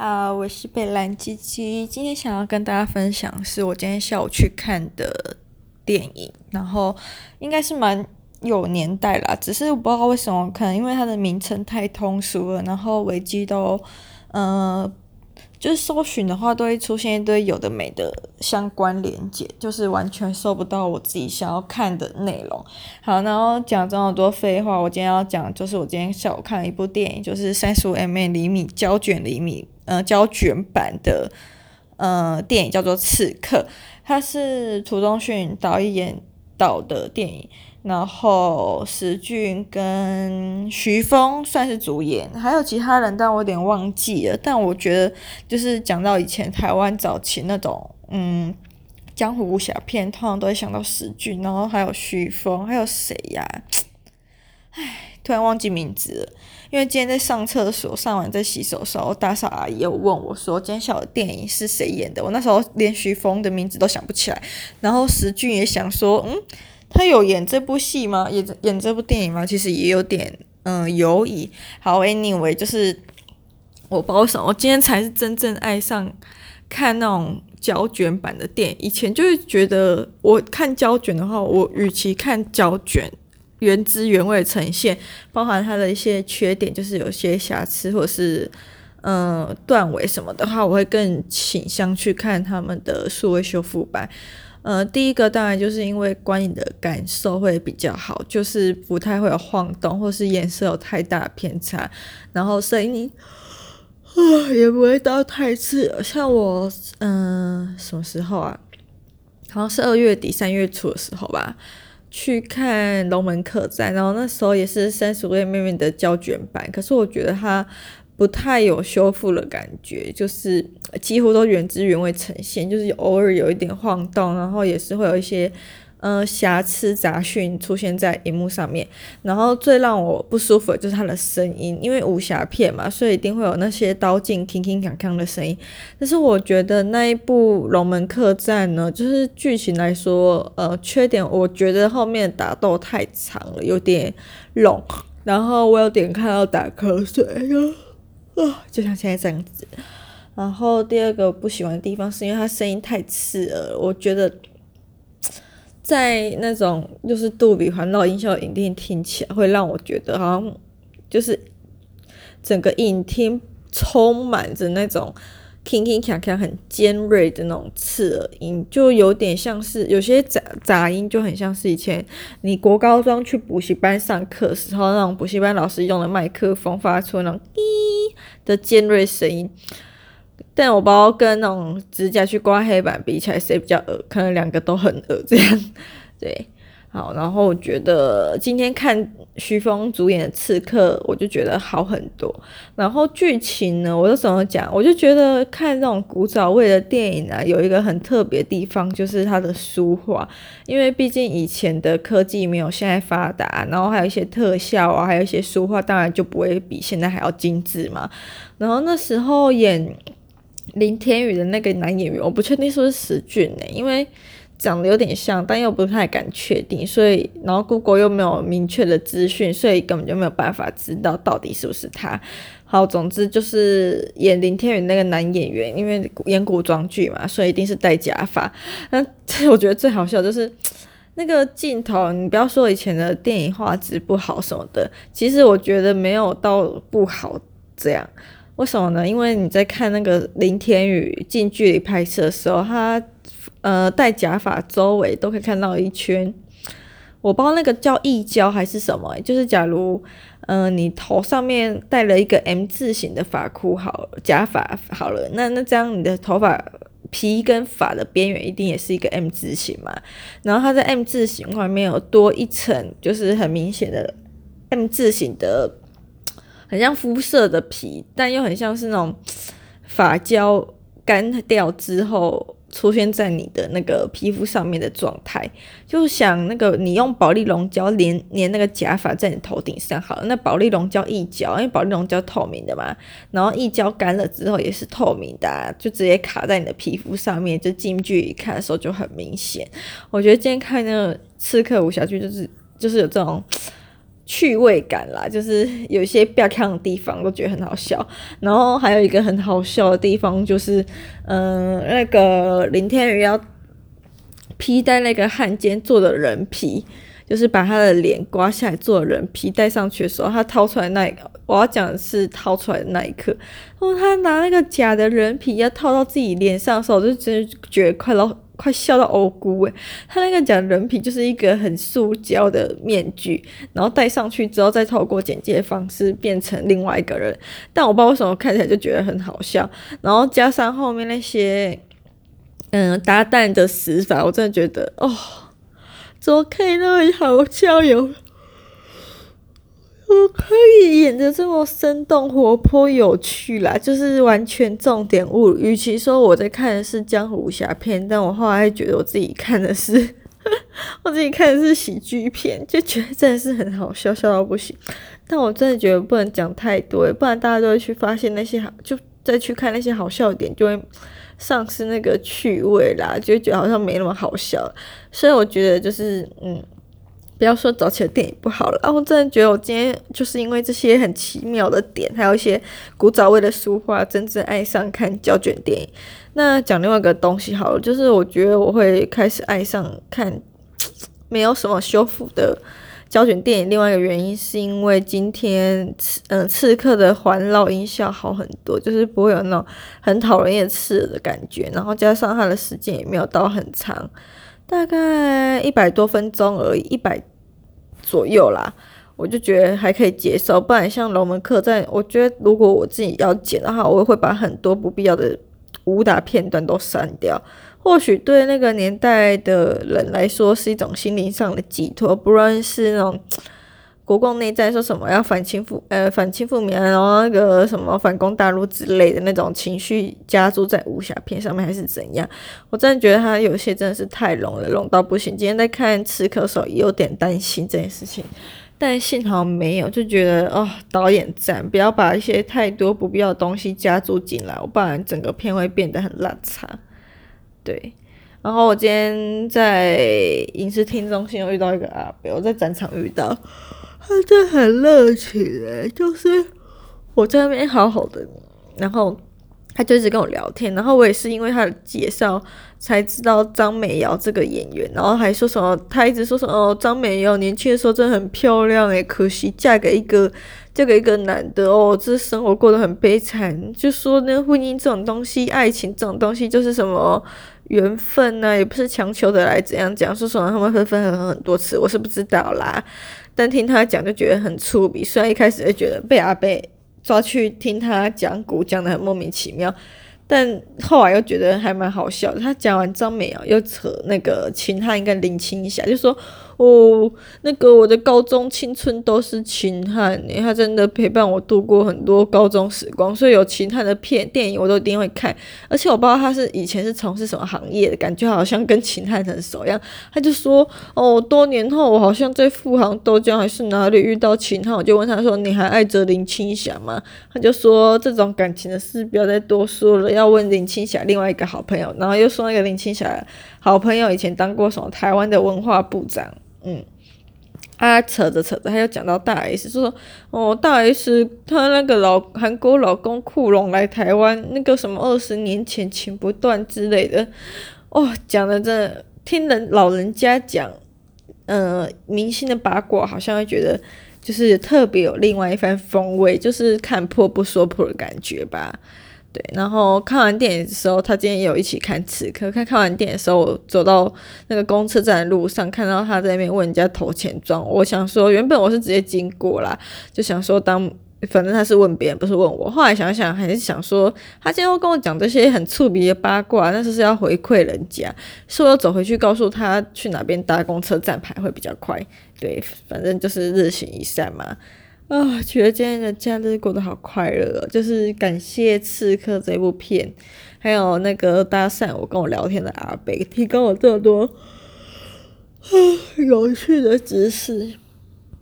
啊，我是貝蘭雞雞，今天想要跟大家分享是我今天下午去看的電影，然後應該是蠻有年代啦，只是我不知道為什麼，可能因為它的名稱太通俗了，然後維基都，呃，就是搜尋的話都會出現一堆有的沒的相關連接，就是完全搜不到我自己想要看的內容。好，然後講這麼多廢話，我今天要講就是我今天下午看了一部電影，就是三十五 mm 釐米膠卷釐米。呃，膠卷版的呃電影叫做《刺客》，它是屠忠訓導演導的電影，然後石雋跟徐楓算是主演，還有其他人，但我有點忘記了。但我覺得就是講到以前台灣早期那種嗯江湖武俠片，通常都會想到石雋，然後還有徐楓，還有誰呀、啊？哎，突然忘記名字了。因為今天在上廁所，上完在洗手的時候，打掃阿姨又問我說：“今天下午電影是誰演的？”我那時候連徐峰的名字都想不起來。然後石俊也想說：“嗯，他有演這部戲嗎？演演這部電影嗎？”其實也有點嗯猶疑。好，Anyway，就是我保守，我今天才是真正愛上看那種膠卷版的電影。以前就是覺得我看膠卷的話，我與其看膠卷。原汁原味呈現，包含它的一些缺點，就是有些瑕疵或者是嗯斷、呃、尾什麼的話，我會更傾向去看他們的數位修復版。呃，第一個當然就是因為觀影的感受會比較好，就是不太會有晃動，或是顏色有太大偏差，然後聲音啊也不會到太次。像我嗯、呃、什麼時候啊？好像是二月底三月初的時候吧。去看《龍門客棧》，然後那時候也是三十位妹妹的膠卷版，可是我覺得它不太有修復的感覺，就是幾乎都原汁原味呈現，就是偶爾有一點晃動，然後也是會有一些。嗯、呃，瑕疵雜訊出現在熒幕上面，然後最讓我不舒服的就是他的聲音，因為武俠片嘛，所以一定會有那些刀劍叮叮鏘鏘的聲音。但是我覺得那一部《龍門客棧》呢，就是劇情來說，呃，缺點我覺得後面打鬥太長了，有點 long，然後我有點看到打瞌睡，啊、呃，就像現在這樣子。然後第二個不喜歡的地方是因為他聲音太刺耳，我覺得。在那種就是杜比環繞音效的影廳，聽起來會讓我覺得好像就是整個影廳充滿着那種 king king 卡卡很尖銳的那種刺耳音，就有點像是有些雜雜音，就很像是以前你國高中去補習班上課時候，那種補習班老師用的麥克風發出那種的尖銳聲音。現在我包括跟那種指甲去刮黑板比起來，誰比較惡？可能兩個都很惡。這樣對，好。然後我覺得今天看徐峰主演的《刺客》，我就覺得好很多。然後劇情呢，我就怎麼講？我就覺得看這種古早味的電影啊，有一個很特別的地方，就是它的書畫。因為畢竟以前的科技沒有現在發達，然後還有一些特效啊，還有一些書畫，當然就不會比現在還要精緻嘛。然後那時候演。林天宇的那個男演員，我不確定是不是石俊呢？因為長得有點像，但又不太敢確定，所以然後 Google 又沒有明確的資訊，所以根本就沒有辦法知道到底是不是他。好，總之就是演林天宇那個男演員，因為演古裝劇嘛，所以一定是戴假髮。但我覺得最好笑就是那個鏡頭，你不要說以前的電影畫質不好什麼的，其實我覺得沒有到不好這樣。為什麼呢？因為你在看那個林天宇近距離拍攝的時候，他呃戴假髮周圍都可以看到一圈。我不知道那個叫溢膠還是什麼，就是假如嗯、呃、你頭上面戴了一個 M 字形的髮箍好，假髮好了，那那這樣你的頭髮皮跟髮的邊緣一定也是一個 M 字形嘛。然後它在 M 字形外面有多一層，就是很明顯的 M 字形的。很像膚色的皮，但又很像是那種髮膠乾掉之後出現在你的那個皮膚上面的狀態。就想那個你用保麗龍膠粘粘那個假髮在你頭頂上好了。那保麗龍膠一膠，因為保麗龍膠透明的嘛，然後一膠乾了之後也是透明的啊，就直接卡在你的皮膚上面，就近距離看的時候就很明顯。我覺得今天看那個刺客武俠劇就是就是有這種趣味感啦，就是有一些不要看的地方都覺得很好笑。然後還有一個很好笑的地方就是，嗯、呃，那個林天宇要披戴那個漢奸做的人皮，就是把他的臉刮下來做的人皮戴上去的時候，他掏出來那一個，我要講是掏出來的那一刻，然後他拿那個假的人皮要套到自己臉上的時候，我就真的覺得快到。快笑到歐菇哎，他那個講人皮就是一個很塑膠的面具，然後戴上去之後，再透過剪接的方式變成另外一個人。但我不知道為什麼看起來就覺得很好笑，然後加上後面那些嗯搭檔的死法，我真的覺得哦，左 K 那裡好像有。我可以演的這麼生動活潑有趣啦，就是完全重點物。與其說我在看的是江湖武俠片，但我後來覺得我自己看的是， 我自己看的是喜劇片，就覺得真的是很好笑，笑到不行。但我真的覺得不能講太多，不然大家都會去發現那些，就再去看那些好笑點，就會喪失那個趣味啦，就覺得好像沒那麼好笑。所以我覺得就是，嗯。不要說早期的電影不好了、啊，我真的覺得我今天就是因為這些很奇妙的點，還有一些古早味的書畫，真正愛上看膠卷電影。那講另外一個東西好了，就是我覺得我會開始愛上看沒有什麼修復的膠卷電影。另外一個原因是因為今天刺嗯、呃、刺客的環繞音效好很多，就是不會有那種很討人厭刺的感覺，然後加上它的時間也沒有到很長。大概一百多分鐘而已，一百左右啦，我就覺得還可以接受。不然像《龍門客棧》，我覺得如果我自己要剪的話，我也會把很多不必要的武打片段都刪掉。或許對那個年代的人來說，是一種心靈上的寄托，不論是那種。國共內戰說什麼要反清復呃反清復明，然後那個什麼反攻大陸之類的那種情緒加注在武俠片上面還是怎樣？我真的覺得他有些真的是太濃了，濃到不行。今天在看《刺客》的時候也有點擔心這件事情，但幸好沒有，就覺得哦，導演讚，不要把一些太多不必要的東西加注進來，我不然整個片會變得很爛差。對，然後我今天在影視聽中心又遇到一個阿伯，我在展場遇到。他真的很熱情誒，就是我在那邊好好的，然後他就一直跟我聊天，然後我也是因為他的介紹才知道張美瑤這個演員，然後還說什麼，他一直說什麼，哦，張美瑤年輕的時候真的很漂亮誒、欸，可惜嫁給一個嫁給一個男的哦，這生活過得很悲慘，就說呢，婚姻這種東西，愛情這種東西就是什麼。緣分呢、啊，也不是強求的來怎樣講，說、就是、說他們合分分合合很多次，我是不知道啦。但聽他講就覺得很粗鄙，雖然一開始就覺得被阿貝抓去聽他講古講得很莫名其妙，但後來又覺得還蠻好笑。他講完張美瑤、喔、又扯那個秦漢跟林青霞，就是、說。哦，那個我的高中青春都是秦漢，他真的陪伴我度過很多高中時光，所以有秦漢的片電影我都一定會看。而且我不知道他是以前是從事什麼行業的，感覺好像跟秦漢很熟一樣。他就說，哦，多年後我好像在富航、豆漿還是哪裡遇到秦漢，我就問他說，你還愛着林青霞嗎？他就說，這種感情的事不要再多說了，要問林青霞另外一個好朋友。然後又說那個林青霞好朋友以前當過什麼台灣的文化部長。嗯，啊，扯着扯着，還要講到大 S，就說哦，大 S 她那個老韓國老公酷龍來台灣，那個什麼二十年前情不斷之類的，哦，講的這聽人老人家講，呃，明星的八卦好像會覺得就是特別有另外一番風味，就是看破不說破的感覺吧。對，然後看完電影的時候，他今天也有一起看刺客。看看完電影的時候，我走到那個公車站的路上，看到他在那邊問人家投錢裝。我想說，原本我是直接經過啦，就想說當反正他是問別人，不是問我。後來想想，還是想說他今天會跟我講這些很促咪的八卦，但是是要回饋人家，所以我走回去告訴他去哪邊搭公車站牌會比較快。對，反正就是日行一善嘛。啊、哦，覺得今天的假日過得好快樂，哦，就是感謝《刺客》這部片，還有那個搭訕我、跟我聊天的阿北，提供我這麼多有趣的知識。